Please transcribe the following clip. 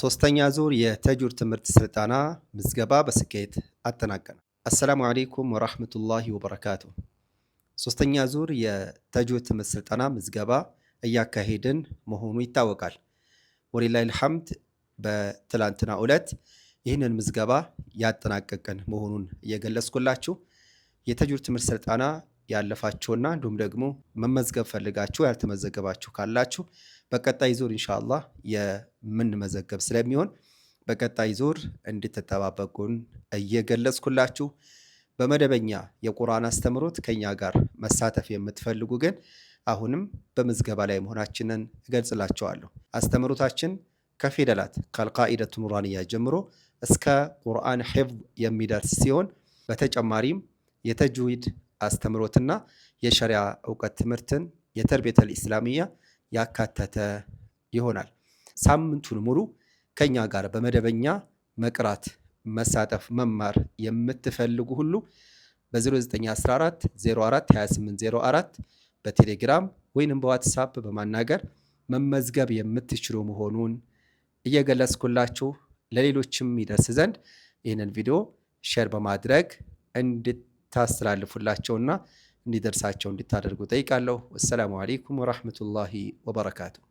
ሶስተኛ ዙር የተጁር ትምህርት ስልጠና ምዝገባ በስኬት አጠናቀናል። አሰላሙ አሌይኩም ወራህመቱላሂ ወበረካቱ። ሶስተኛ ዙር የተጁር ትምህርት ስልጠና ምዝገባ እያካሄድን መሆኑ ይታወቃል። ወሊላሂል ሐምድ በትላንትና ዕለት ይህንን ምዝገባ ያጠናቀቅን መሆኑን እየገለጽኩላችሁ የተጁር ትምህርት ስልጠና ያለፋችሁና እንዲሁም ደግሞ መመዝገብ ፈልጋችሁ ያልተመዘገባችሁ ካላችሁ በቀጣይ ዙር እንሻላ የምንመዘገብ ስለሚሆን በቀጣይ ዙር እንድትጠባበቁን እየገለጽኩላችሁ በመደበኛ የቁርአን አስተምሮት ከኛ ጋር መሳተፍ የምትፈልጉ ግን አሁንም በምዝገባ ላይ መሆናችንን እገልጽላችኋለሁ። አስተምሮታችን ከፊደላት ከአልቃኢደቱ ኑራንያ ጀምሮ እስከ ቁርአን ሒፍዝ የሚደርስ ሲሆን በተጨማሪም የተጅዊድ አስተምሮትና የሸሪያ እውቀት ትምህርትን የተርቤተል ኢስላሚያ ያካተተ ይሆናል። ሳምንቱን ሙሉ ከኛ ጋር በመደበኛ መቅራት፣ መሳተፍ፣ መማር የምትፈልጉ ሁሉ በ0914 በቴሌግራም ወይንም በዋትሳፕ በማናገር መመዝገብ የምትችሉ መሆኑን እየገለጽኩላችሁ ለሌሎችም ይደርስ ዘንድ ይህንን ቪዲዮ ሼር በማድረግ እንድት እንድታስተላልፉላቸውና እንዲደርሳቸው እንድታደርጉ ጠይቃለሁ። ወሰላሙ አሌይኩም ወራህመቱላሂ ወበረካቱሁ።